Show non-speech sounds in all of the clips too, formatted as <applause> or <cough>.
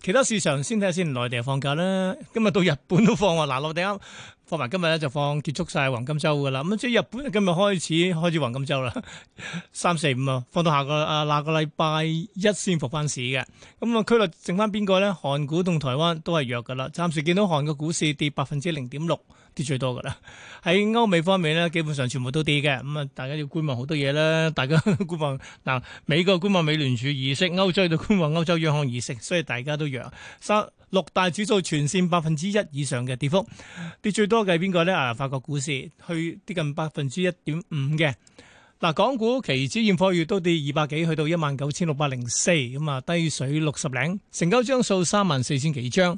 其他市場先睇下先，內地就放假啦。今日到日本都放喎，嗱，落地啱放埋今日咧就放結束晒黃金周噶啦。咁即係日本今日開始開始黃金周啦，三四五啊，放到下個啊嗱、嗰個禮拜一先復翻市嘅。咁、嗯、啊，區內剩翻邊個咧？韓股同台灣都係弱噶啦。暫時見到韓國股市跌百分之零點六。跌最多噶啦！喺歐美方面呢，基本上全部都跌嘅。咁啊，大家要觀望好多嘢啦。大家觀望嗱，美國觀望美聯儲議息，歐洲度觀望歐洲央行議息。所以大家都弱。三六大指數全線百分之一以上嘅跌幅，跌最多嘅係邊個呢？啊，法國股市去跌近百分之一點五嘅。嗱，港股期指現貨月都跌二百幾，去到一萬九千六百零四，咁啊，低水六十零，成交張數三萬四千幾張。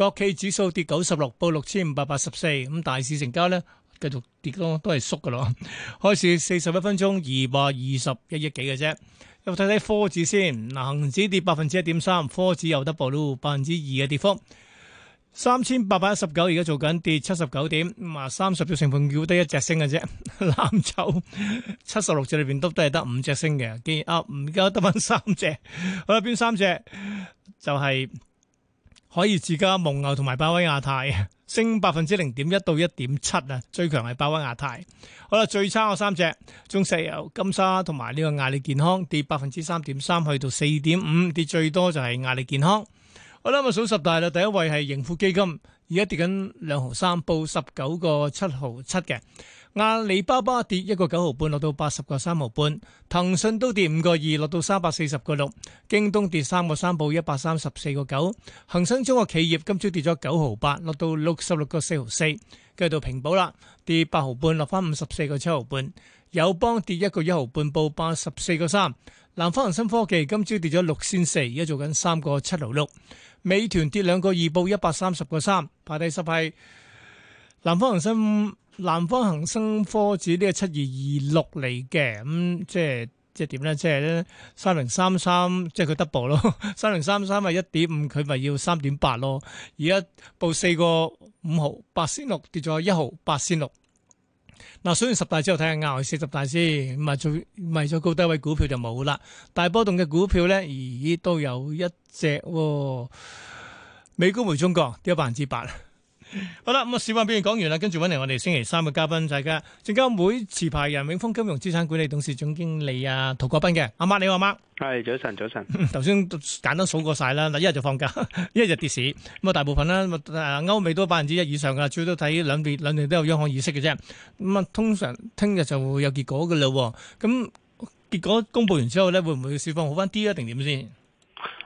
國企指數跌九十六，報六千五百八十四。咁大市成交咧，繼續跌多，都係縮噶咯。開市四十一分鐘，二百二十一億幾嘅啫。又睇睇科指先，嗱，恒指跌百分之一點三，科指又得報到百分之二嘅跌幅，三千八百一十九，而家做緊跌七十九點。啊，三十隻成分股得一隻升嘅啫，藍籌七十六隻裡邊都都係得五隻升嘅。既然啊，唔而家得翻三隻，佢邊三隻就係、是。可以自家蒙牛同埋百威亞太升百分之零點一到一點七啊，最強係百威亞太。好啦，最差嗰三隻中石油、金沙同埋呢個亞利健康跌百分之三點三去到四點五，跌最多就係亞利健康。好啦，咁啊數十大啦，第一位係盈富基金，而家跌緊兩毫三，報十九個七毫七嘅。阿里巴巴跌一個九毫半，落到八十個三毫半；騰訊都跌五個二，落到三百四十個六；京東跌三個三，報一百三十四個九；恒生中國企業今朝跌咗九毫八，落到六十六個四毫四，繼續平保啦，跌八毫半，落翻五十四個七毫半；友邦跌一個一毫半，報八十四個三；南方恒生科技今朝跌咗六先四，而家做緊三個七毫六；美團跌兩個二，報一百三十個三，排第十係南方恒生。南方恒生科指呢個七二二六嚟嘅，咁即係即係點咧？即係咧三零三三，即係佢 double 咯，三零三三係一點五，佢咪要三點八咯。而家報四個五毫八仙六，跌咗一毫八仙六。嗱，選完十大之後，睇下亞四十大先，咁啊，再咪再高低位股票就冇啦。大波動嘅股票咧，咦，都有一隻美高梅中國跌咗百分之八。好啦，咁啊，市況俾你講完啦，跟住揾嚟我哋星期三嘅嘉賓就係而家證監會持牌人永豐金融資產管理董事總經理阿陶國斌嘅，阿媽你好，阿媽，係早晨，早晨。頭先簡單數過晒啦，嗱，一日就放假，一日跌市，咁啊，大部分啦，啊，歐美都百分之一以上噶，最多睇兩邊，兩邊都有央行議息嘅啫。咁啊，通常聽日就會有結果噶啦，咁結果公布完之後咧，會唔會市況好翻啲啊？定點先？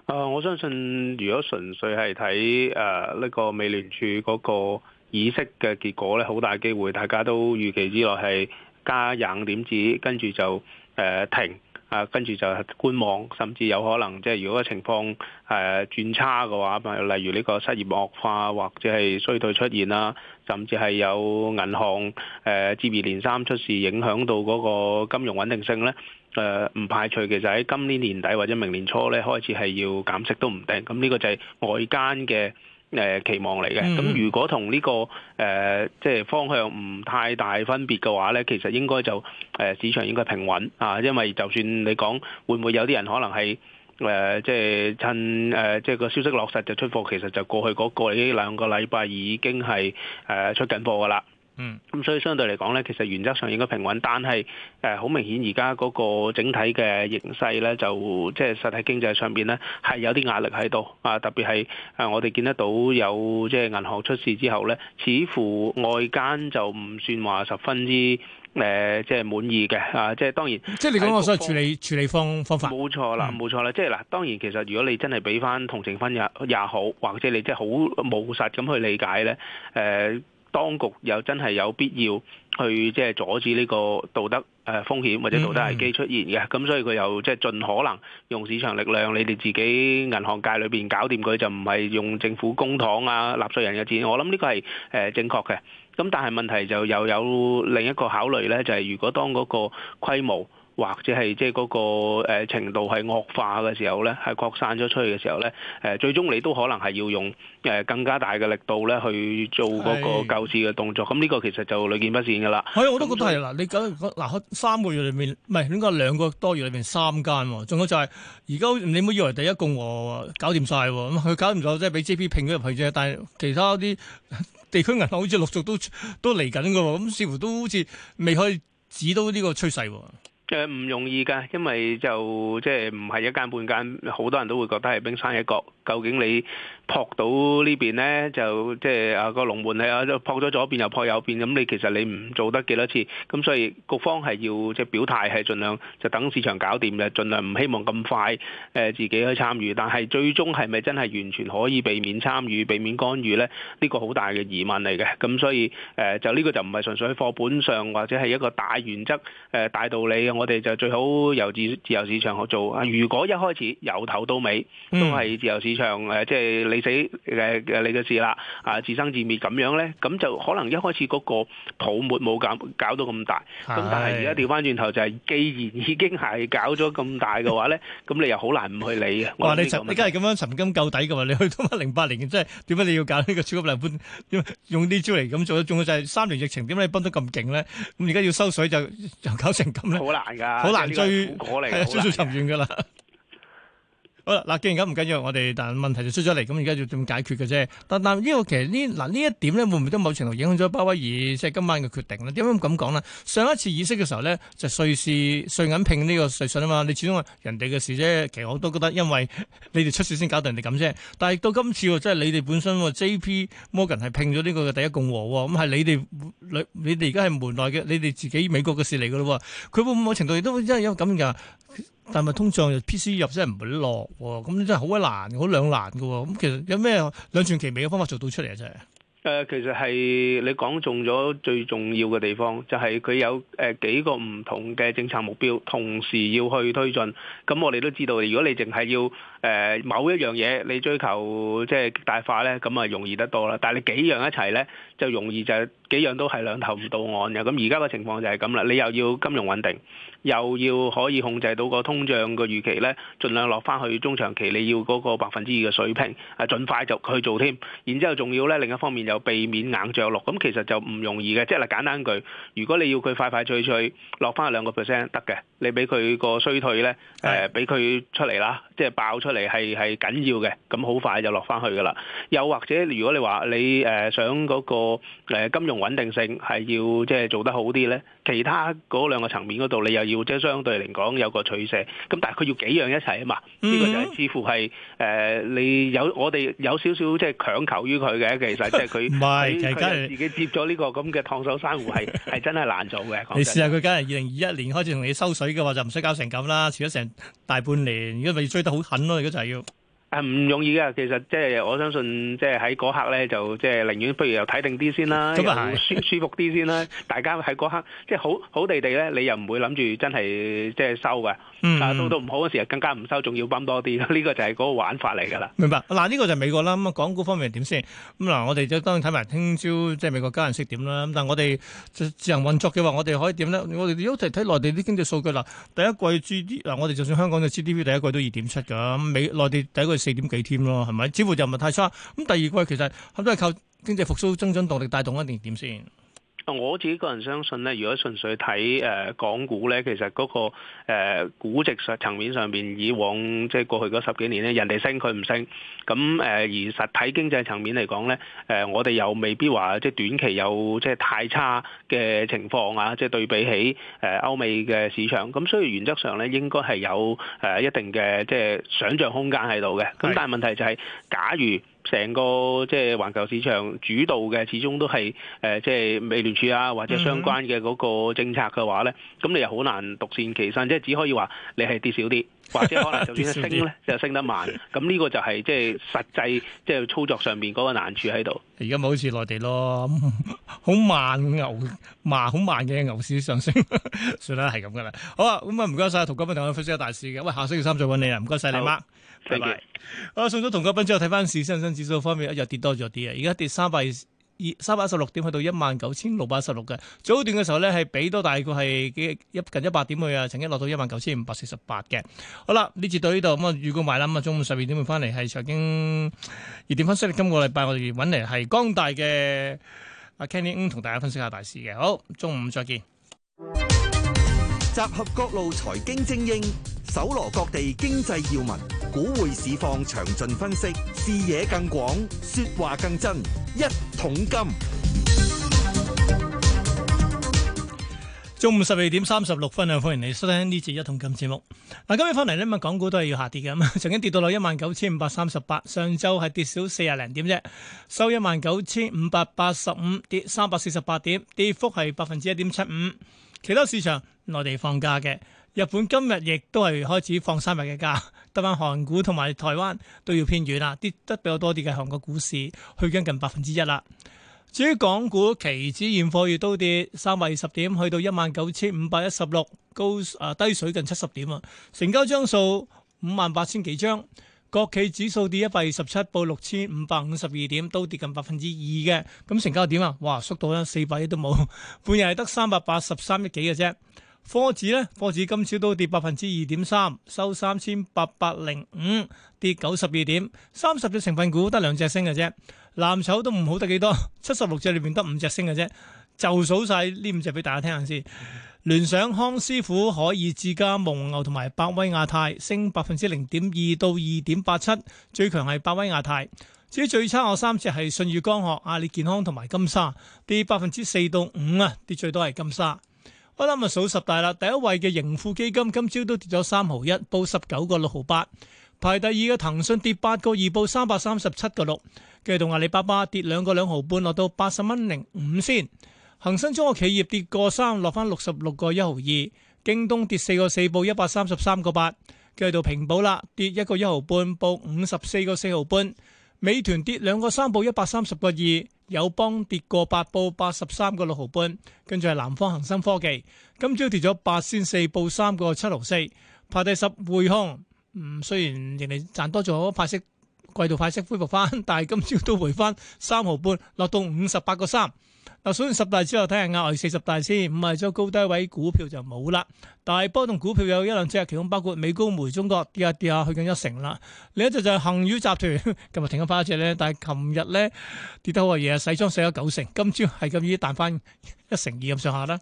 啊，我相信如果純粹係睇誒呢個美聯儲嗰個議息嘅結果咧，好大機會大家都預期之內係加廿五點子，跟住就誒停啊，跟住就觀望，甚至有可能即係如果個情況誒轉差嘅話，例如呢個失業惡化或者係衰退出現啦，甚至係有銀行誒接二連三出事，影響到嗰個金融穩定性咧。誒唔、呃、排除其實就喺今年年底或者明年初咧開始係要減息都唔定，咁呢個就係外間嘅誒期望嚟嘅。咁如果同呢、這個誒、呃、即係方向唔太大分別嘅話咧，其實應該就誒、呃、市場應該平穩啊，因為就算你講會唔會有啲人可能係誒、呃、即係趁誒、呃、即係個消息落實就出貨，其實就過去嗰個呢兩個禮拜已經係誒、呃、出緊貨㗎喇。嗯，咁所以相對嚟講咧，其實原則上應該平穩，但係誒好明顯而家嗰個整體嘅形勢咧，就即係實體經濟上邊咧係有啲壓力喺度啊，特別係誒我哋見得到有即係銀行出事之後咧，似乎外間就唔算話十分之誒、呃、即係滿意嘅啊，即係當然即係你講個所謂處理處理方方法，冇錯、嗯、啦，冇錯啦，即係嗱，當然其實如果你真係俾翻同情分也也好，或者你即係好務實咁去理解咧，誒、呃。呃當局有真係有必要去即係阻止呢個道德誒風險或者道德危機出現嘅，咁所以佢又即係盡可能用市場力量，你哋自己銀行界裏邊搞掂佢，就唔係用政府公帑啊、納稅人嘅錢。我諗呢個係誒正確嘅。咁但係問題就又有，有另一個考慮呢，就係、係、如果當嗰個規模。或者係即係嗰個程度係惡化嘅時候咧，係擴散咗出去嘅時候咧，誒最終你都可能係要用誒更加大嘅力度咧去做嗰個救市嘅動作。咁呢、哎、個其實就屢見不鮮㗎啦。係，我都覺得係嗱，那你嗱三個月裏面唔係應該兩個多月裏面三間喎，仲有就係而家你唔好以為第一共和搞掂晒喎，咁佢搞唔到即係俾 JP 拼咗入去啫。但係其他啲地區銀行好似陸續都都嚟緊㗎喎，咁似乎都好似未可以止到呢個趨勢喎。誒唔容易㗎，因為就即係唔係一間半間，好多人都會覺得係冰山一角。究竟你撲到呢邊咧，就即係啊個龍門係啊，就、啊、撲咗左邊又撲右邊，咁。你其實你唔做得幾多次，咁所以局方係要即係、就是、表態係盡量就等市場搞掂嘅，盡量唔希望咁快誒自己去參與，但係最終係咪真係完全可以避免參與避免干預咧？呢個好大嘅疑問嚟嘅。咁所以誒就呢個就唔係純粹喺課本上或者係一個大原則誒大道理嘅。我哋就最好由自自由市場去做。啊，如果一開始由頭到尾都係自由市場，嗯場誒，即係你死，誒誒，你嘅事啦，啊自生自滅咁樣咧，咁就可能一開始嗰個泡沫冇咁搞到咁大，咁的但係而家調翻轉頭就係，既然已經係搞咗咁大嘅話咧，咁你又好難唔去理嘅。我話你沉，你而家係咁樣尋根究底嘅嘛？你去到零八年，即係點解你要搞呢個超級量寬？用用啲招嚟咁做，仲要就係三年疫情，點解你崩得咁勁咧？咁而家要收水就就搞成咁咧？好難噶，好難追，係嚟。追尋遠噶啦。好啦，嗱，既然咁唔緊要，我哋但問題就出咗嚟，咁而家要點解決嘅啫？但但呢、呢個其實呢嗱呢一點咧，會唔會都某程度影響咗鮑威爾即係今晚嘅決定呢？點解咁講呢？上一次議息嘅時候咧，就是、瑞士瑞銀拼呢個瑞信啊嘛，你始終人哋嘅事啫。其實我都覺得，因為你哋出事先搞到人哋咁啫。但係到今次喎，即係你哋本身 JP Morgan 係拼咗呢個嘅第一共和喎，咁、嗯、係你哋你哋而家係門內嘅，你哋自己美國嘅事嚟噶咯喎，佢會唔會某程度亦都真係有咁㗎？但係通脹又 PC 入真係唔會落，咁真係好難，好兩難嘅。咁其實有咩兩全其美嘅方法做到出嚟啊？真係。誒，其實係你講中咗最重要嘅地方，就係、是、佢有誒、呃、幾個唔同嘅政策目標，同時要去推進。咁我哋都知道，如果你淨係要。誒某一樣嘢，你追求即係極大化咧，咁啊容易得多啦。但係你幾樣一齊咧，就容易就係幾樣都係兩頭唔到岸嘅。咁而家嘅情況就係咁啦，你又要金融穩定，又要可以控制到個通脹嘅預期咧，儘量落翻去中長期你要嗰個百分之二嘅水平，係儘快就去做添。然之後仲要咧另一方面又避免硬着陸。咁其實就唔容易嘅。即係嚟簡單句，如果你要佢快快脆脆落翻去兩個 percent 得嘅，你俾佢個衰退咧，誒俾佢出嚟啦，即係爆出。嚟，係係緊要嘅，咁好快就落翻去噶啦。又或者，如果你話你誒想嗰個誒金融穩定性係要即係做得好啲咧？其他嗰兩個層面嗰度，你又要即係相對嚟講有個取捨。咁但係佢要幾樣一齊啊嘛？呢、mm hmm. 個就係似乎係誒、呃，你有我哋有少少即係強求於佢嘅其實，即係佢唔係，其實梗係 <laughs> 是他自己接咗呢個咁嘅燙手山芋，係係真係難做嘅。你試下佢梗係二零二一年開始同你收水嘅話，就唔使搞成咁啦，遲咗成大半年。如果咪追得好狠咯、啊，而家就係要。係唔容易㗎，其實即係我相信，即係喺嗰刻咧，就即係寧願不如走不走又睇定啲先啦，咁舒舒服啲先啦。 <laughs> 大家喺嗰刻即係、就是、好好地地咧，你又唔會諗住真係即係收嘅。嗯，啊到到唔好嘅時候，更加唔收，仲要崩多啲。呢、這個就係嗰個玩法嚟㗎啦。明白嗱，呢、這個就係美國啦。咁啊，港股方面點先？咁嗱，我哋就係當然睇埋聽朝即係美國家人識點啦。咁但係我哋就自動運作嘅話，我哋可以點咧？我哋都果睇睇內地啲經濟數據啦，第一季 GDP 嗱，我哋就算香港嘅 GDP 第一季都二點七㗎，美內地第一季。四點幾添咯，係咪？似乎就唔係太差。咁第二季其實都係靠經濟復甦增長動力帶動，定點先？我自己個人相信咧，如果純粹睇誒港股咧，其實嗰、那個、呃、估值上層面上邊，以往即係、就是、過去嗰十幾年咧，人哋升佢唔升，咁誒、呃、而實體經濟層面嚟講咧，誒、呃、我哋又未必話即係短期有即係太差嘅情況啊，即係對比起誒、呃、歐美嘅市場，咁所以原則上咧應該係有誒、呃、一定嘅即係想像空間喺度嘅，咁但係問題就係、是、假如，成個即係環球市場主導嘅，始終都係誒，即係美聯儲啊，或者相關嘅嗰個政策嘅話咧，咁、mm hmm. 你又好難獨善其身，即係只可以話你係跌少啲。或者可能就算升咧，就 <laughs> 升得慢。咁呢 <laughs> 個就係即係實際即係、就是、操作上面嗰個難處喺度。而家咪好似內地咯呵呵，好慢牛，慢好慢嘅牛市上升。 <laughs> 算啦，係咁噶啦。好啊，咁啊唔該晒。同金斌同我分析下大市嘅。喂，下星期三再揾你啊。唔該晒，你。媽，拜拜。好，送咗同金斌之後，睇翻市，恒生指數方面又跌多咗啲啊。而家跌三百二三百一十六點，去到一萬九千六百一十六嘅。早段嘅時候咧係比多大，大概係幾一近一百點去啊，曾經落到一萬九千五百四十八嘅。好啦，呢節到呢度，咁啊，預告埋啦，咁啊中午十二點會翻嚟係曾經熱點分析。今個禮拜我哋揾嚟係江大嘅阿 Kenny 同大家分析下大市嘅。好，中午再見。集合各路財經精英，搜羅各地經濟要聞，股匯市況詳盡分析，視野更廣，說話更真。一桶金。中午十二點三十六分啊，歡迎你收聽呢節一桶金節目。嗱，今日翻嚟咧，咁啊，港股都係要下跌嘅，咁啊，曾經跌到落一萬九千五百三十八，上周係跌少四十零點啫，收一萬九千五百八十五，跌三百四十八點，跌幅係百分之一點七五。其他市場內地放假嘅，日本今日亦都係開始放三日嘅假，得翻韓股同埋台灣都要偏軟啦，跌得比較多啲嘅韓國股市去緊近百分之一啦。至於港股期指現貨月都跌三百二十點，去到一萬九千五百一十六，高、呃、啊低水近七十點啊，成交張數五萬八千幾張。國企指數跌一百二十七，報六千五百五十二點，都跌近百分之二嘅。咁成交點啊？哇，縮到啦，四百億都冇，半日係得三百八十三億幾嘅啫。科指咧，科指今朝都跌百分之二點三，收三千八百零五，跌九十二點。三十隻成分股得兩隻升嘅啫，藍籌都唔好得幾多，七十六隻裏邊得五隻升嘅啫。就數晒呢五隻俾大家聽下先。嗯聯想、康師傅、海爾智家、蒙牛同埋百威亞太升百分之零點二到二點八七，最強係百威亞太。至於最差我三隻係舜宇光學、阿里健康同埋金沙，跌百分之四到五啊，跌最多係金沙。好、嗯、啦，咪數十大啦，第一位嘅盈富基金今朝都跌咗三毫一，報十九個六毫八。排第二嘅騰訊跌八個二，報三百三十七個六。繼續同阿里巴巴跌兩個兩毫半，落到八十蚊零五先。恒生中國企業跌個三，落翻六十六個一毫二；京東跌四個四，報一百三十三個八，繼續平保啦，跌一個一毫半，報五十四個四毫半；美團跌兩個三，報一百三十個二；友邦跌個八，報八十三個六毫半。跟住係南方恒生科技，今朝跌咗八仙四，報三個七毫四。排第十匯控，嗯，雖然盈利賺多咗，派息季度派息恢復翻，但係今朝都回翻三毫半，落到五十八個三。嗱，數完十大之後睇下額外四十大先，五日周高低位股票就冇啦。大波同股票有一兩隻，其中包括美高梅、中國跌下跌下去緊一成啦。另一隻就係恒宇集團，今日停緊牌一隻咧，但係琴日咧跌得好啊，嘢洗倉洗咗九成，今朝係咁依彈翻一成二咁上下啦。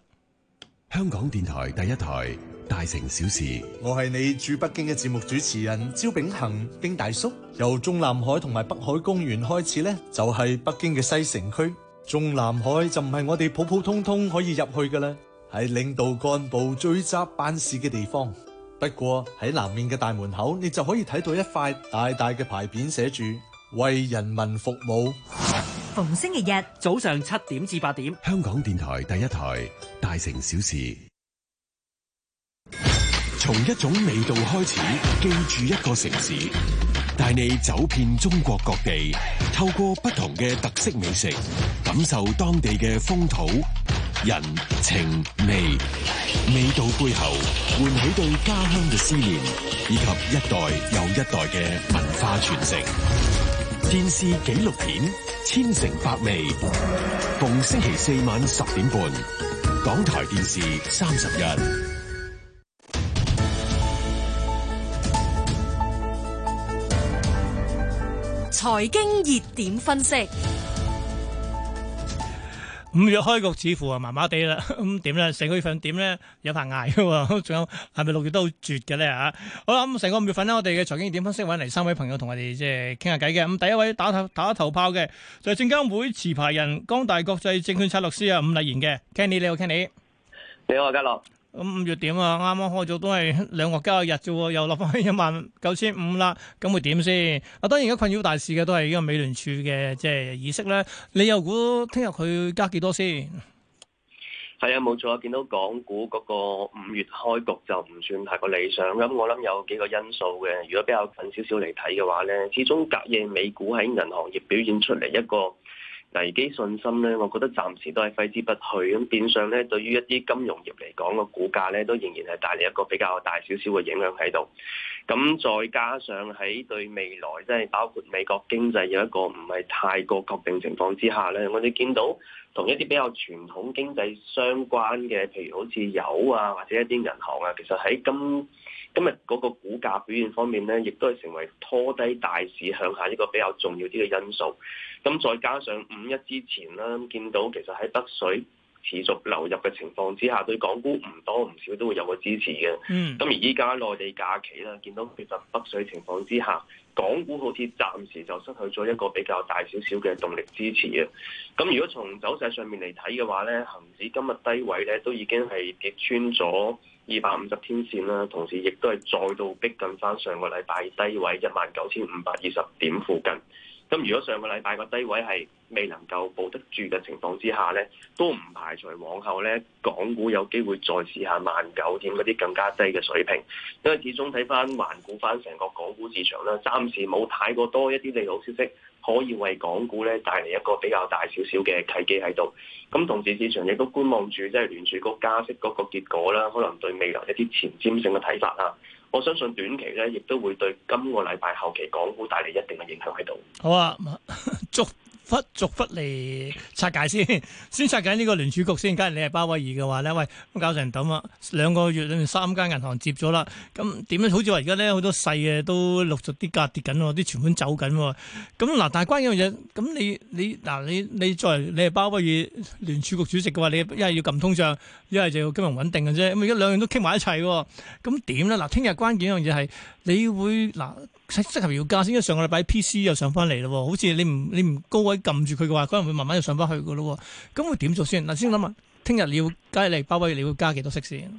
香港電台第一台《大城小事》，我係你駐北京嘅節目主持人招炳恒，丁大叔。由中南海同埋北海公園開始咧，就係北京嘅西城區。中南海就唔係我哋普普通通可以入去嘅啦，係領導幹部追責辦事嘅地方。不過喺南面嘅大門口，你就可以睇到一塊大大嘅牌匾，寫住為人民服務。逢星期日早上七點至八點，香港電台第一台《大城小事》，從一種味道開始，記住一個城市。帶你走遍中國各地，透過不同嘅特色美食，感受當地嘅風土人情味。味道背後，喚起對家鄉嘅思念，以及一代又一代嘅文化傳承。電視紀錄片《千城百味》，逢星期四晚十點半，港台電視三十日。財經熱點分析，五月開局似乎啊麻麻地啦，咁點咧？四個月份點咧？有排挨噶喎，仲 <laughs> 有係咪六月都好絕嘅咧？吓，好啦，咁成個五月份咧，我哋嘅財經熱點分析揾嚟三位朋友同我哋即係傾下偈嘅。咁第一位打頭打，打頭炮嘅，就係證監會持牌人光大國際證券策律師啊，伍禮賢嘅 Kenny，你好 Kenny，你好啊，家樂。咁五月點啊？啱啱開咗都係兩個交易日啫，又落翻去一萬九千五啦。咁會點先？啊，當然而家困擾大市嘅都係呢個美聯儲嘅即係議息咧。你又估聽日佢加幾多先？係啊，冇錯啊，見到港股嗰個五月開局就唔算太過理想。咁、嗯、我諗有幾個因素嘅。如果比較近少少嚟睇嘅話咧，始終隔夜美股喺銀行業表現出嚟一個危機信心咧，我覺得暫時都係揮之不去。咁變相咧，對於一啲金融業嚟講，個股價咧都仍然係帶嚟一個比較大少少嘅影響喺度。咁再加上喺對未來，即係包括美國經濟有一個唔係太過確定情況之下咧，我哋見到同一啲比較傳統經濟相關嘅，譬如好似油啊，或者一啲銀行啊，其實喺今今日嗰個股價表現方面咧，亦都係成為拖低大市向下一個比較重要啲嘅因素。咁再加上五一之前啦，見到其實喺北水持續流入嘅情況之下，對港股唔多唔少都會有個支持嘅。嗯。咁而依家內地假期啦，見到其實北水情況之下，港股好似暫時就失去咗一個比較大少少嘅動力支持嘅。咁如果從走勢上面嚟睇嘅話咧，恒指今日低位咧都已經係擊穿咗。二百五十天線啦，同時亦都係再度逼近翻上個禮拜低位一萬九千五百二十點附近。咁如果上個禮拜個低位係未能夠保得住嘅情況之下咧，都唔排除往後咧，港股有機會再試下萬九點嗰啲更加低嘅水平。因為始終睇翻環顧翻成個港股市場啦，暫時冇太過多一啲利好消息可以為港股咧，帶嚟一個比較大少少嘅契機喺度。咁同時市場亦都觀望住即係聯儲局加息嗰個結果啦，可能對未來一啲前瞻性嘅睇法啦。我相信短期呢，亦都會對今個禮拜後期港股帶嚟一定嘅影響喺度。好啊，祝。 <laughs> 不逐不嚟拆解先，先拆解呢個聯儲局先。假如你係鮑威爾嘅話咧，喂，咁搞成咁啊，兩個月裏面三間銀行接咗啦。咁點咧？好似話而家咧好多細嘅都陸續啲價跌緊喎，啲存款走緊喎。咁嗱，但係關鍵一樣嘢，咁你你嗱你你作為你係鮑威爾聯儲局主席嘅話，你一係要撳通脹，一係就要金融穩定嘅啫。咁而家兩樣都傾埋一齊喎。咁點咧？嗱，聽日關鍵一樣嘢係。你會嗱適合要加先，因為上個禮拜 PC 又上翻嚟咯，好似你唔你唔高位撳住佢嘅話，可能會慢慢又上翻去嘅咯，咁會點做先？嗱，先諗下，聽日你要加力，鮑威爾你要加幾多息先？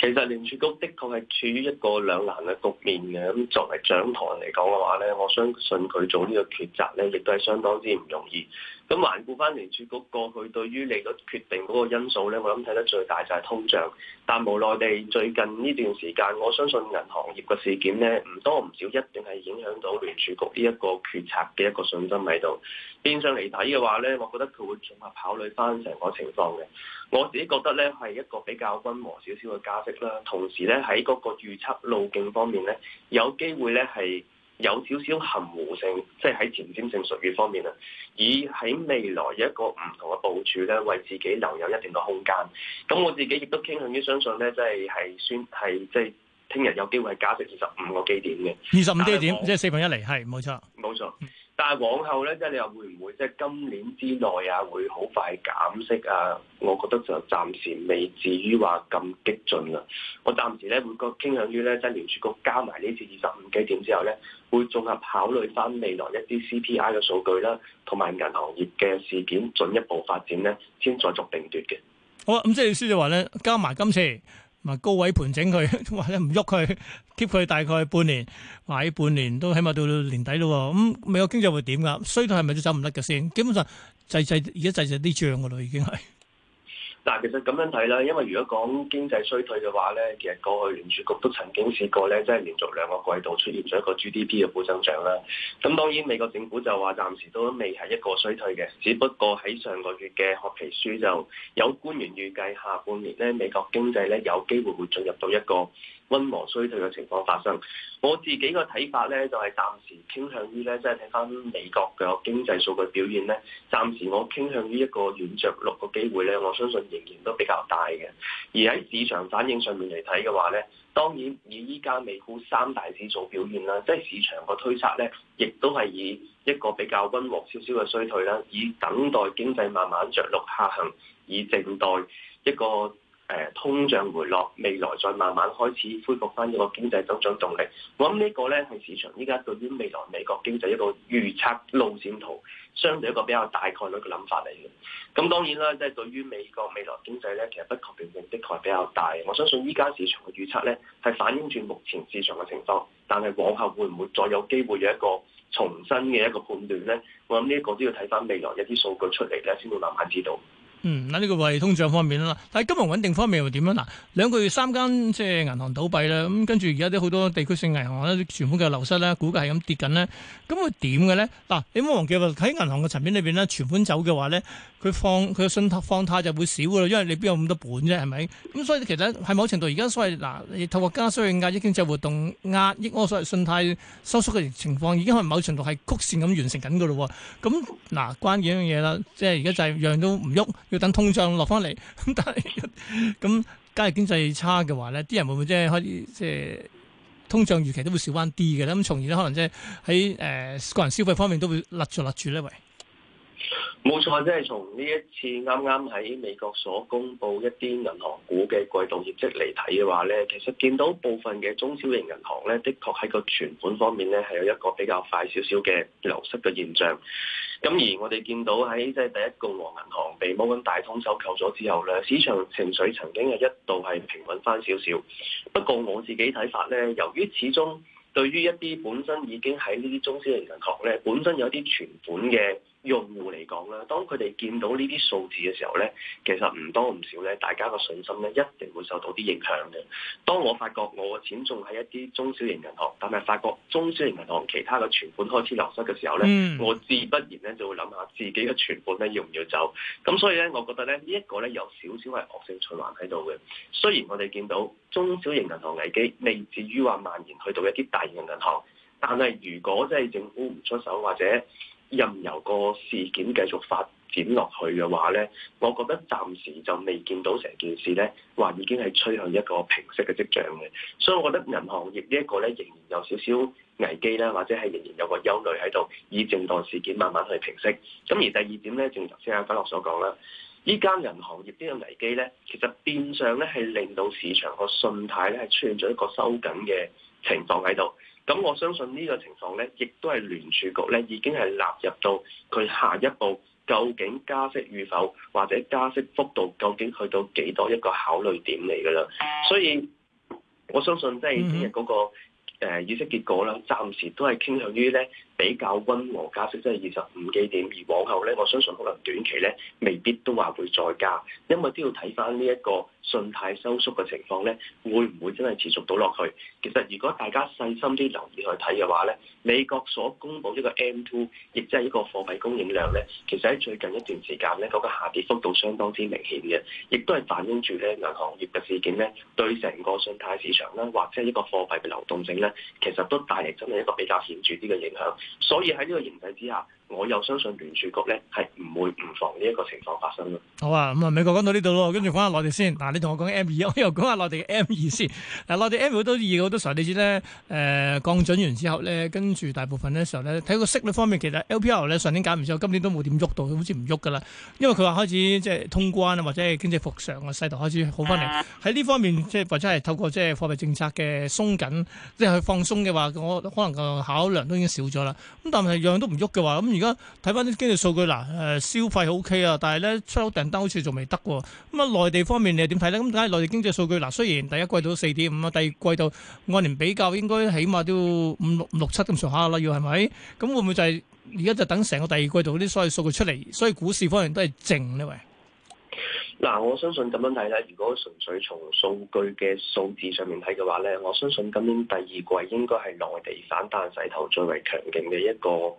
其實聯儲局的確係處於一個兩難嘅局面嘅，咁作為掌舵人嚟講嘅話咧，我相信佢做呢個抉擇咧，亦都係相當之唔容易。咁環顧翻聯儲局過去對於你個決定嗰個因素咧，我諗睇得最大就係通脹。但無奈地最近呢段時間，我相信銀行業嘅事件咧唔多唔少，一定係影響到聯儲局呢一個決策嘅一個信心喺度。變相嚟睇嘅話咧，我覺得佢會綜合考慮翻成個情況嘅。我自己覺得咧係一個比較溫和少少嘅加息啦。同時咧喺嗰個預測路徑方面咧，有機會咧係。有少少含糊性，即係喺前瞻性術語方面啊，以喺未來有一個唔同嘅部署咧，為自己留有一定嘅空間。咁我自己亦都傾向於相信咧，即係係算係即係聽日有機會係加息二十五個基點嘅，二十五基點，即係四分一厘，係冇錯，冇錯。但係往後咧，即係你又會唔會即係今年之內啊，會好快減息啊？我覺得就暫時未至於話咁激進啦。我暫時咧會個傾向於咧，即係聯儲局加埋呢次二十五幾點之後咧，會綜合考慮翻未來一啲 CPI 嘅數據啦，同埋銀行業嘅事件進一步發展咧，先再作定奪嘅。好啊，咁即係意思就話咧，加埋今次。咪高位盤整佢，或者唔喐佢，keep 佢大概半年，買 <laughs> 半年都起碼到年底咯。咁、嗯、美國經濟會點㗎？衰退係咪都走唔甩嘅先？基本上滯滯而家滯滯啲脹㗎咯，已經係。 <laughs> 嗱，其實咁樣睇啦，因為如果講經濟衰退嘅話咧，其實過去聯儲局都曾經試過咧，即係連續兩個季度出現咗一個 GDP 嘅負增長啦。咁當然美國政府就話暫時都未係一個衰退嘅，只不過喺上個月嘅學期書就有官員預計下半年咧美國經濟咧有機會會進入到一個溫和衰退嘅情況發生，我自己嘅睇法咧，就係暫時傾向於咧，即係睇翻美國嘅經濟數據表現咧。暫時我傾向於一個軟着陸嘅機會咧，我相信仍然都比較大嘅。而喺市場反應上面嚟睇嘅話咧，當然以依家美股三大指數表現啦，即係市場嘅推測咧，亦都係以一個比較溫和少少嘅衰退啦，以等待經濟慢慢着陸下行，以靜待一個。誒通脹回落，未來再慢慢開始恢復翻一個經濟增長動力。我諗呢個呢係市場依家對於未來美國經濟一個預測路線圖，相對一個比較大概率嘅諗法嚟嘅。咁當然啦，即係對於美國未來經濟呢，其實不確定性的確係比較大。我相信依家市場嘅預測呢，係反映住目前市場嘅情況，但係往後會唔會再有機會有一個重新嘅一個判斷呢？我諗呢個都要睇翻未來一啲數據出嚟呢，先會慢慢知道。嗯，嗱、這、呢個係通脹方面啦，但係金融穩定方面又點啊？嗱，兩個月三間即係銀行倒閉啦，咁跟住而家啲好多地區性銀行咧，存款嘅流失咧，估計係咁跌緊咧，咁佢點嘅咧？嗱、啊，你冇忘記話喺銀行嘅層面裏邊咧，存款走嘅話咧，佢放佢嘅信貸放貸就會少咯，因為你邊有咁多本啫，係咪？咁、嗯、所以其實喺某程度而家所謂嗱、啊、透過加稅壓抑經濟活動壓抑我所謂信貸收縮嘅情況，已經喺某程度係曲線咁完成緊噶咯。咁、啊、嗱，關鍵一樣嘢啦，即係而家就係樣樣都唔喐。要等通脹落翻嚟，咁但係咁假如經濟差嘅話咧，啲人會唔會即係開始即係通脹預期都會少翻啲嘅咧？咁從而可能即係喺個人消費方面都會立住立住呢。冇錯，即係從呢一次啱啱喺美國所公布一啲銀行股嘅季度業績嚟睇嘅話咧，其實見到部分嘅中小型銀行咧，的確喺個存款方面咧係有一個比較快少少嘅流失嘅現象。咁而我哋見到喺即係第一共和銀行被摩根大通收購咗之後咧，市場情緒曾經係一度係平穩返少少。不過我自己睇法咧，由於始終對於一啲本身已經喺呢啲中小型銀行咧，本身有啲存款嘅。用戶嚟講咧，當佢哋見到呢啲數字嘅時候咧，其實唔多唔少咧，大家嘅信心咧一定會受到啲影響嘅。當我發覺我嘅錢仲喺一啲中小型銀行，但係發覺中小型銀行其他嘅存款開始流失嘅時候咧，嗯、我自不然咧就會諗下自己嘅存款咧要唔要走。咁所以咧，我覺得咧呢一個咧有少少係惡性循環喺度嘅。雖然我哋見到中小型銀行危機未至於話蔓延去到一啲大型銀行，但係如果即係政府唔出手或者，任由個事件繼續發展落去嘅話咧，我覺得暫時就未見到成件事咧話已經係趨向一個平息嘅跡象嘅，所以我覺得銀行業呢一個咧仍然有少少危機啦，或者係仍然有個憂慮喺度，以靜待事件慢慢去平息。咁而第二點咧，正如頭先阿講落所講啦，依間銀行業呢個危機咧，其實變相咧係令到市場個信貸咧係出現咗一個收緊嘅情況喺度。咁我相信呢個情況咧，亦都係聯儲局咧已經係納入到佢下一步究竟加息與否，或者加息幅度究竟去到幾多一個考慮點嚟㗎啦。Uh huh. 所以我相信即係今日嗰個誒議息結果啦，暫時都係傾向於咧。比較溫和加息，即係二十五基點，而往後咧，我相信可能短期咧，未必都話會再加，因為都要睇返呢一個信貸收縮嘅情況咧，會唔會真係持續到落去？其實如果大家細心啲留意去睇嘅話咧，美國所公布呢個 M2，亦即係一個貨幣供應量咧，其實喺最近一段時間咧，嗰個下跌幅度相當之明顯嘅，亦都係反映住咧銀行業嘅事件咧，對成個信貸市場啦，或者係一個貨幣嘅流動性咧，其實都帶嚟真係一個比較顯著啲嘅影響。所以喺呢個形勢之下。我又相信聯儲局咧，係唔會唔防呢一個情況發生嘅。好啊，咁、嗯、啊美國講到呢度咯，跟住講下內地先。嗱、啊，你同我講 M 二，我又講下內地嘅 M 二先、啊。內地 M 二都二好多時候，你知咧，誒、呃、降準完之後咧，跟住大部分咧時候咧，睇個息率方面，其實 LPR 咧上年減完之後，今年都冇點喐到，好似唔喐噶啦。因為佢話開始即係通關啊，或者係經濟復常嘅勢頭開始好翻嚟。喺呢、啊、方面，即係或者係透過即係貨幣政策嘅鬆緊，即、就、係、是、放鬆嘅話，我可能個考量都已經少咗啦。咁但係樣樣都唔喐嘅話，咁而家睇翻啲經濟數據嗱，誒、呃、消費好 OK 啊，但係咧出口訂單好似仲未得喎。咁、嗯、啊，內地方面你又點睇咧？咁睇下內地經濟數據嗱，雖然第一季度四點五啊，第二季度按年比較應該起碼都要五六六七咁上下啦，要係咪？咁、嗯、會唔會就係而家就等成個第二季度啲所謂數據出嚟，所以股市方面都係靜咧？喂，嗱，我相信咁樣睇咧，如果純粹從數據嘅數字上面睇嘅話咧，我相信今年第二季應該係內地反彈勢頭最為強勁嘅一個。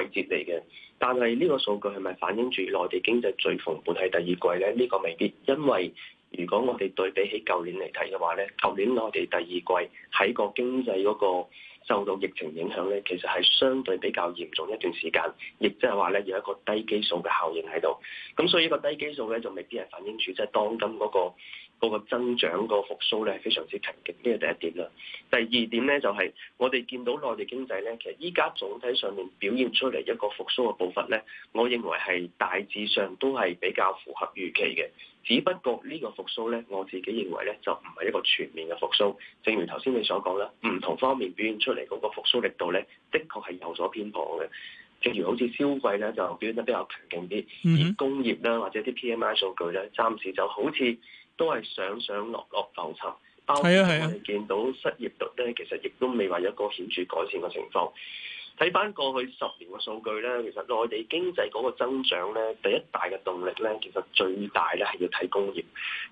季節嚟嘅，但係呢個數據係咪反映住內地經濟最蓬勃喺第二季呢？呢、呢個未必，因為如果我哋對比起舊年嚟睇嘅話呢，舊年內地第二季喺個經濟嗰個受到疫情影響呢，其實係相對比較嚴重一段時間，亦即係話呢有一個低基數嘅效應喺度，咁所以呢個低基數呢，就未必係反映住即係當今嗰、嗰個。個個增長個復甦咧，非常之強勁，呢個第一點啦。第二點咧，就係我哋見到內地經濟咧，其實依家總體上面表現出嚟一個復甦嘅步伐咧，我認為係大致上都係比較符合預期嘅。只不過呢個復甦咧，我自己認為咧，就唔係一個全面嘅復甦。正如頭先你所講啦，唔同方面表現出嚟嗰個復甦力度咧，的確係有所偏頗嘅。正如好似消費咧，就表現得比較強勁啲，而工業啦，或者啲 PMI 數據咧，暫時就好似，都係上上落落浮沉，包括我哋見到失業率咧，其實亦都未話有一個顯著改善嘅情況。睇返過去十年嘅數據咧，其實內地經濟嗰個增長咧，第一大嘅動力咧，其實最大咧係要睇工業，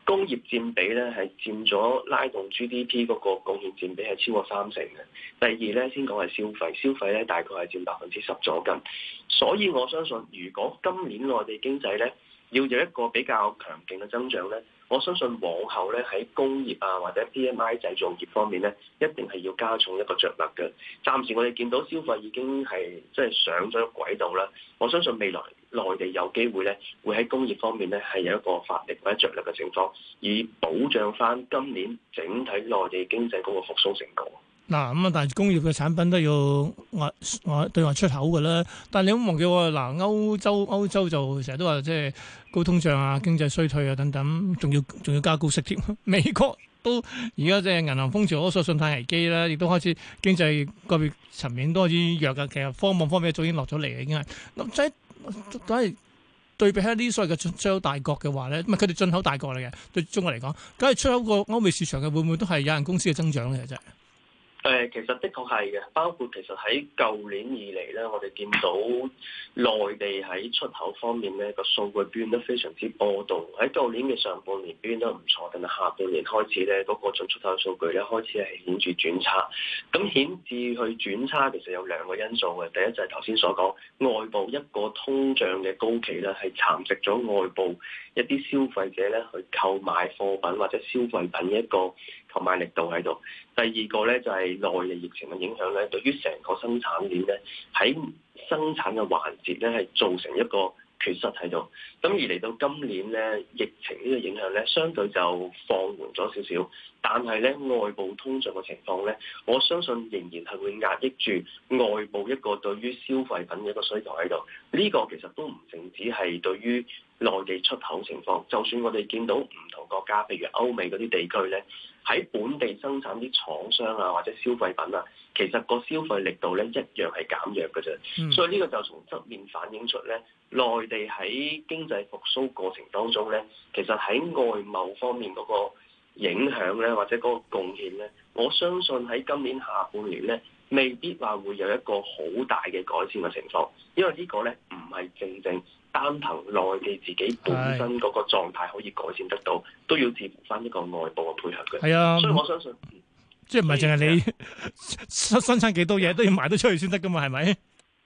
工業佔比咧係佔咗拉動 GDP 嗰個貢獻佔比係超過三成嘅。第二咧先講係消費，消費咧大概係佔百分之十左右。所以我相信，如果今年內地經濟咧要有一個比較強勁嘅增長咧，我相信往後咧喺工業啊或者 PMI 製造業方面咧，一定係要加重一個着力嘅。暫時我哋見到消費已經係即係上咗軌道啦。我相信未來內地有機會咧，會喺工業方面咧係有一個發力或者着力嘅情況，以保障翻今年整體內地經濟嗰個復甦成果。嗱，咁啊，但係工業嘅產品都要外外對外出口㗎啦。但係你唔好忘記喎，嗱、啊，歐洲歐洲就成日都話即係高通脹啊、經濟衰退啊等等，仲、嗯、要仲要加高息添、啊。美國都而家即係銀行風潮、歐洲信貸危機啦、啊，亦都開始經濟個別層面都開始弱嘅。其實貨幣方面早已經落咗嚟嘅，已經係。咁喺咁係對比下啲所謂嘅出口大國嘅話咧，唔係佢哋進口大國嚟嘅，對中國嚟講，梗係出口個歐美市場嘅會唔會都係有限公司嘅增長嘅啫？誒，其實的確係嘅，包括其實喺舊年以嚟咧，我哋見到內地喺出口方面咧個數據表現得非常之波動。喺舊年嘅上半年表現得唔錯，但係下半年開始咧，嗰、那個進出口數據咧開始係顯著轉差。咁顯著去轉差其實有兩個因素嘅，第一就係頭先所講外部一個通脹嘅高企咧，係蠶食咗外部一啲消費者咧去購買貨品或者消費品一個。同埋力度喺度。第二個咧就係內地疫情嘅影響咧，對於成個生產鏈咧，喺生產嘅環節咧係造成一個缺失喺度。咁而嚟到今年咧，疫情呢個影響咧相對就放緩咗少少，但係咧外部通脹嘅情況咧，我相信仍然係會壓抑住外部一個對於消費品嘅一個需求喺度。呢個其實都唔淨止係對於內地出口情況，就算我哋見到唔同國家，譬如歐美嗰啲地區咧，喺本地生產啲廠商啊，或者消費品啊，其實個消費力度咧一樣係減弱嘅啫。嗯、所以呢個就從側面反映出咧，內地喺經濟復甦過程當中咧，其實喺外貿方面嗰個影響咧，或者嗰個貢獻咧，我相信喺今年下半年咧，未必話會有一個好大嘅改善嘅情況，因為呢個咧唔係正正。單憑內地自己本身嗰個狀態可以改善得到，都要接翻一個內部嘅配合嘅。係啊，所以我相信，嗯嗯、即係唔係淨係你生、啊、生產幾多嘢都要賣得出去先得噶嘛？係咪？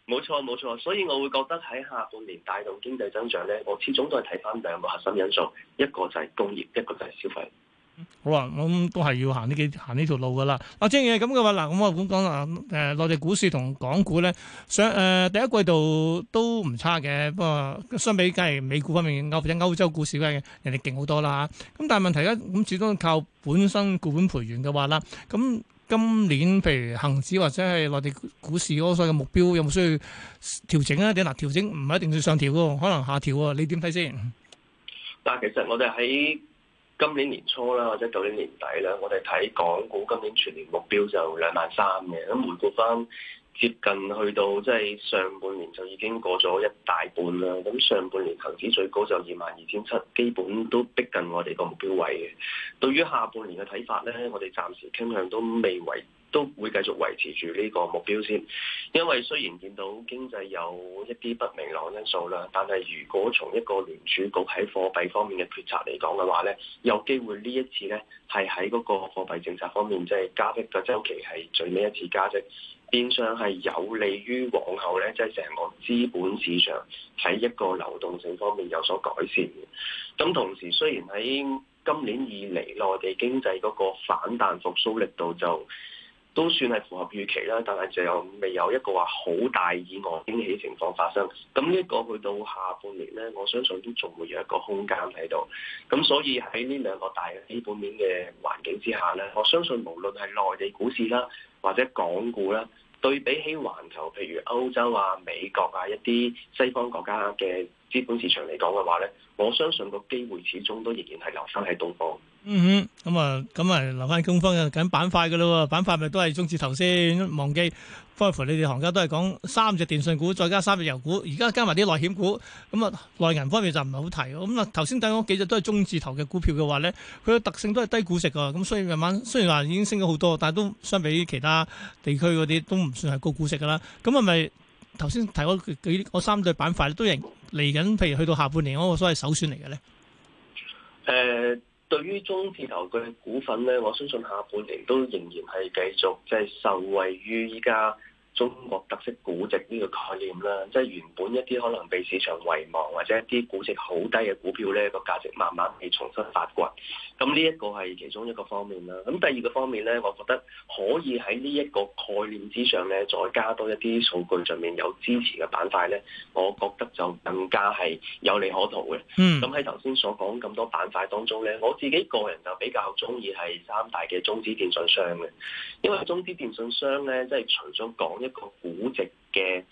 冇錯冇錯，所以我會覺得喺下半年帶動經濟增長咧，我始終都係睇翻兩個核心因素，一個就係工業，一個就係消費。 <music> 嗯、好啦啊，咁都係要行呢幾行呢條路噶啦。阿張嘢，咁嘅話，嗱，咁我咁講啦，誒、呃，內地股市同港股咧，上誒、呃、第一季度都唔差嘅，不過相比梗係美股方面，或者歐洲股市咧，人哋勁好多啦。咁但係問題咧，咁、嗯、始終靠本身固本培元嘅話啦，咁今年譬如恒指或者係內地股市嗰嘅目標有冇需要調整咧？點嗱，調整唔一定要上調嘅，可能下調啊？你點睇先？但係其實我哋喺今年年初啦，或者舊年年底啦，我哋睇港股今年全年目標就兩萬三嘅。咁回顧翻，接近去到即係上半年就已經過咗一大半啦。咁上半年投資最高就二萬二千七，基本都逼近我哋個目標位嘅。對於下半年嘅睇法咧，我哋暫時傾向都未為，都會繼續維持住呢個目標先，因為雖然見到經濟有一啲不明朗因素啦，但係如果從一個聯儲局喺貨幣方面嘅決策嚟講嘅話咧，有機會呢一次咧係喺嗰個貨幣政策方面即係加息嘅，尤其係最尾一次加息，變相係有利於往後咧即係成個資本市場喺一個流動性方面有所改善嘅。咁同時雖然喺今年以嚟內地經濟嗰個反彈復甦力度就，都算係符合預期啦，但係就未有一個話好大意外驚喜情況發生。咁呢個去到下半年呢，我相信都仲會有一個空間喺度。咁所以喺呢兩個大基本面嘅環境之下呢，我相信無論係內地股市啦，或者港股啦，對比起環球，譬如歐洲啊、美國啊、一啲西方國家嘅資本市場嚟講嘅話咧，我相信個機會始終都仍然係留翻喺東方。嗯哼，咁、嗯、啊，咁、嗯、啊、嗯、留翻東方嘅緊板塊噶咯板塊咪都係中字頭先。忘記，包括你哋行家都係講三隻電信股，再加三隻油股，而家加埋啲內險股。咁、嗯、啊，內銀方面就唔係好提。咁、嗯、啊，嗯、頭先講幾隻都係中字頭嘅股票嘅話咧，佢嘅特性都係低股息噶。咁所以慢慢，雖然話已經升咗好多，但係都相比其他地區嗰啲都唔算係高股息噶啦。咁係咪頭先睇嗰三對板塊都贏？嚟緊，譬如去到下半年嗰個都係首選嚟嘅咧。誒、呃，對於中字頭嘅股份咧，我相信下半年都仍然係繼續即係受惠於依家。中國特色估值呢個概念啦，即係原本一啲可能被市場遺忘或者一啲估值好低嘅股票呢個價值慢慢被重新發掘。咁呢一個係其中一個方面啦。咁第二個方面呢，我覺得可以喺呢一個概念之上呢，再加多一啲數據上面有支持嘅板塊呢，我覺得就更加係有利可圖嘅。嗯。咁喺頭先所講咁多板塊當中呢，我自己個人就比較中意係三大嘅中資電信商嘅，因為中資電信商呢，即係除咗講。一個估值嘅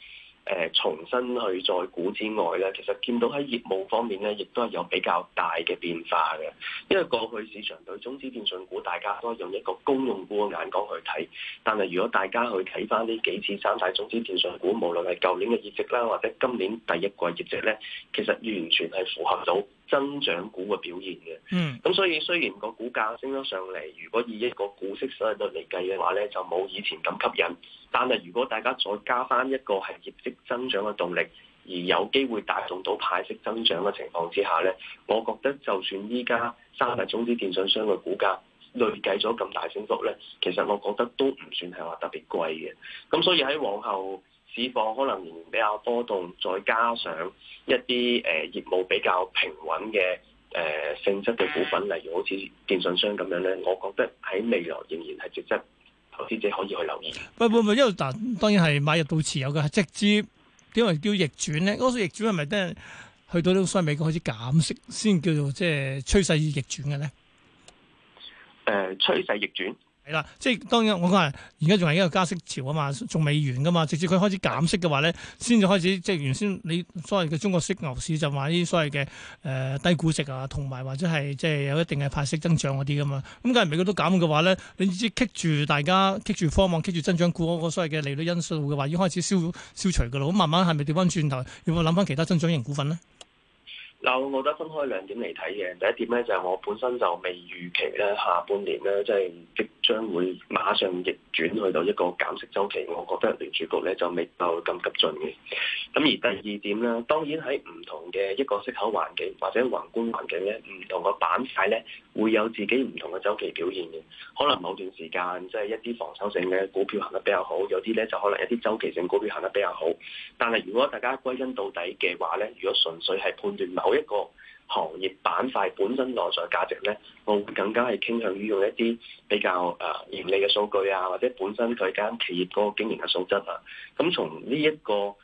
誒重新去再估之外咧，其實見到喺業務方面咧，亦都係有比較大嘅變化嘅。因為過去市場對中資電信股，大家都用一個公用股嘅眼光去睇，但係如果大家去睇翻呢幾次三大中資電信股，無論係舊年嘅業績啦，或者今年第一季業績咧，其實完全係符合到增長股嘅表現嘅，咁、嗯、所以雖然個股價升咗上嚟，如果以一個股息收益率嚟計嘅話咧，就冇以前咁吸引。但係如果大家再加翻一個係業績增長嘅動力，而有機會帶動到派息增長嘅情況之下咧，我覺得就算依家三大中資電信商嘅股價累計咗咁大升幅咧，其實我覺得都唔算係話特別貴嘅。咁所以喺往後，市況可能仍然比較波動，再加上一啲誒、呃、業務比較平穩嘅誒、呃、性質嘅股份，例如好似電信商咁樣咧，我覺得喺未來仍然係值得投資者可以去留意。唔會唔會，因為嗱，當然係買入到持有嘅，係即知點樣叫逆轉咧？嗰個逆轉係咪真係去到呢啲美國開始減息，先叫做即係趨勢逆轉嘅咧？誒、呃，趨勢逆轉。係啦，即係當然我，我講下而家仲係一個加息潮啊嘛，仲未完噶嘛。直至佢開始減息嘅話咧，先至開始即係原先你所謂嘅中國式牛市就話啲所謂嘅誒低估值啊，同埋或者係即係有一定嘅派息增長嗰啲噶嘛。咁假如美國都減嘅話咧，你知棘住大家棘住科網棘住增長股嗰個所謂嘅利率因素嘅話，已經開始消消除噶啦。咁慢慢係咪調翻轉頭？要唔要諗翻其他增長型股份咧？嗱，我覺得分開兩點嚟睇嘅。第一點咧就係我本身就未預期咧下半年咧即係。將會馬上逆轉去到一個減息週期，我覺得聯儲局咧就未夠咁急進嘅。咁而第二點咧，當然喺唔同嘅一個息口環境或者宏觀環境咧，唔同個板塊咧，會有自己唔同嘅週期表現嘅。可能某段時間即係、就是、一啲防守性嘅股票行得比較好，有啲咧就可能一啲周期性股票行得比較好。但係如果大家歸根到底嘅話咧，如果純粹係判斷某一個行業板塊本身內在價值咧，我會更加係傾向於用一啲比較誒盈利嘅數據啊，或者本身佢間企業嗰個經營嘅素質啊，咁、嗯、從呢一個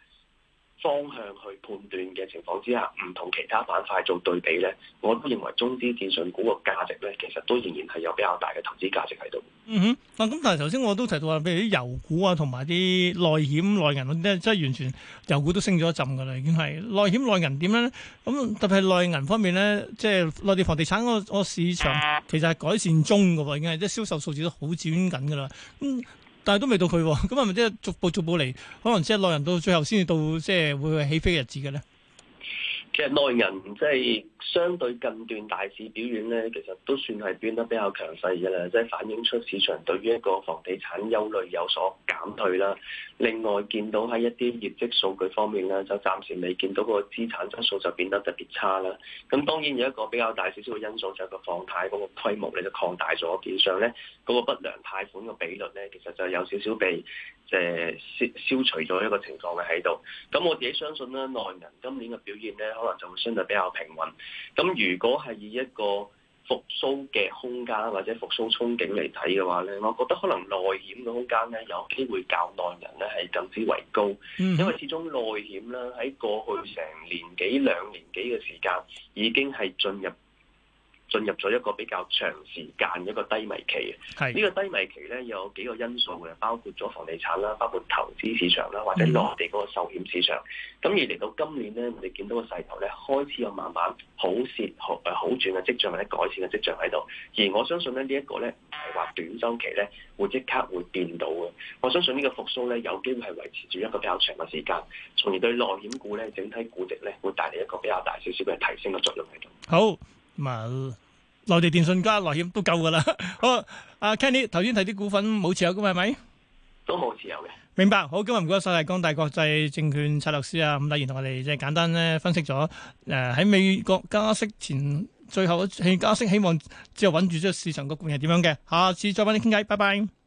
方向去判斷嘅情況之下，唔同其他板塊做對比咧，我都認為中資電訊股個價值咧，其實都仍然係有比較大嘅投資價值喺度。嗯哼，啊咁，但係頭先我都提到話，譬如啲油股啊，同埋啲內險內銀啲，即係完全油股都升咗一陣噶啦，已經係內險內銀點樣咧？咁特別係內銀方面咧，即係內地房地產個個市場其實係改善中噶喎，已經係即係銷售數字都好轉緊噶啦。咁但係都未到佢，咁係咪即係逐步逐步嚟？可能即係內銀到最後先至到即係會起飛嘅日子嘅咧？嘅內銀即係、就是、相對近段大市表現咧，其實都算係變得比較強勢嘅啦。即、就、係、是、反映出市場對於一個房地產憂慮有所減退啦。另外見到喺一啲業績數據方面咧，就暫時未見到個資產質素就變得特別差啦。咁當然有一個比較大少少嘅因素就係、是、個放貸嗰個規模咧就擴大咗，加上咧嗰個不良貸款嘅比率咧，其實就有少少被即消、就是、消除咗一個情況嘅喺度。咁我自己相信啦，內銀今年嘅表現咧，就相對比較平穩。咁如果係以一個復甦嘅空間或者復甦憧憬嚟睇嘅話咧，我覺得可能內險嘅空間咧有機會較內人咧係更之為高，因為始終內險咧喺過去成年幾兩年幾嘅時間已經係進入。進入咗一個比較長時間一的、嗯、個低迷期嘅。係呢個低迷期咧有幾個因素嘅，包括咗房地產啦，包括投資市場啦，或者內地嗰個壽險市場。咁而嚟到今年咧，我哋見到個勢頭咧開始有慢慢好蝕好誒好轉嘅跡象，或者改善嘅跡象喺度。而我相信咧呢一、這個咧唔係話短週期咧會即刻會變到嘅。我相信個復呢個復甦咧有機會係維持住一個比較長嘅時間，從而對內險股咧整體估值咧會帶嚟一個比較大少少嘅提升嘅作用喺度。好。咁內、嗯、地電信加內險都夠噶啦。 <laughs> 好，阿、啊、Kenny 頭先提啲股份冇持有嘛？係咪？都冇持有嘅。明白。好，今日唔該曬，光大國際證券策略師啊，咁，伍大賢同我哋即係簡單咧分析咗誒喺美國加息前最後一次加息，希望之後穩住即係市場個股係點樣嘅。下次再揾你傾偈，拜拜。